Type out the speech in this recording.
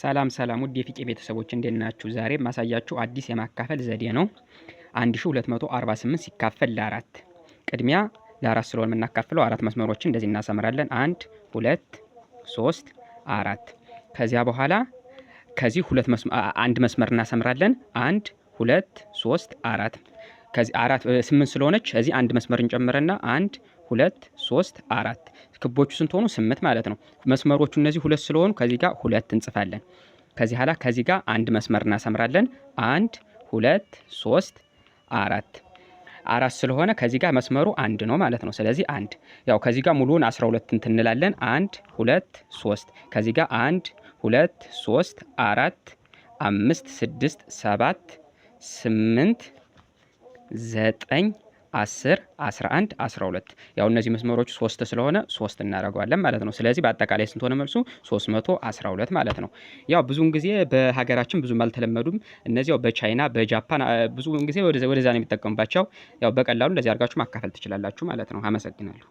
ሰላም ሰላም ውድ የፊቄ ቤተሰቦች እንዴት ናችሁ? ዛሬ ማሳያችሁ አዲስ የማካፈል ዘዴ ነው። 1248 ሲካፈል ለአራት ቅድሚያ ለአራት ስለሆን የምናካፍለው አራት መስመሮችን እንደዚህ እናሰምራለን። አንድ ሁለት ሶስት አራት። ከዚያ በኋላ ከዚህ ሁለት አንድ መስመር እናሰምራለን። አንድ ሁለት ሶስት አራት ከዚህ አራት ስምንት ስለሆነች እዚህ አንድ መስመር እንጨምረና አንድ ሁለት ሶስት አራት ክቦቹ ስንት ሆኑ? ስምንት ማለት ነው። መስመሮቹ እነዚህ ሁለት ስለሆኑ ከዚህ ጋር ሁለት እንጽፋለን። ከዚህ ኋላ ከዚህ ጋር አንድ መስመር እናሰምራለን። አንድ ሁለት ሶስት አራት አራት ስለሆነ ከዚህ ጋር መስመሩ አንድ ነው ማለት ነው። ስለዚህ አንድ ያው ከዚህ ጋር ሙሉውን 12 እንትን እንላለን። አንድ ሁለት ሶስት ከዚህ ጋር አንድ ሁለት ሶስት አራት አምስት ስድስት ሰባት ስምንት ዘጠኝ አስር አስራ አንድ አስራ ሁለት ያው እነዚህ መስመሮች ሶስት ስለሆነ ሶስት እናደርገዋለን ማለት ነው። ስለዚህ በአጠቃላይ ስንት ሆነ መልሱ? ሶስት መቶ አስራ ሁለት ማለት ነው። ያው ብዙውን ጊዜ በሀገራችን ብዙም አልተለመዱም እነዚህ ያው በቻይና በጃፓን ብዙውን ጊዜ ወደዛ ነው የሚጠቀሙባቸው። ያው በቀላሉ እንደዚህ አድርጋችሁ ማካፈል ትችላላችሁ ማለት ነው። አመሰግናለሁ።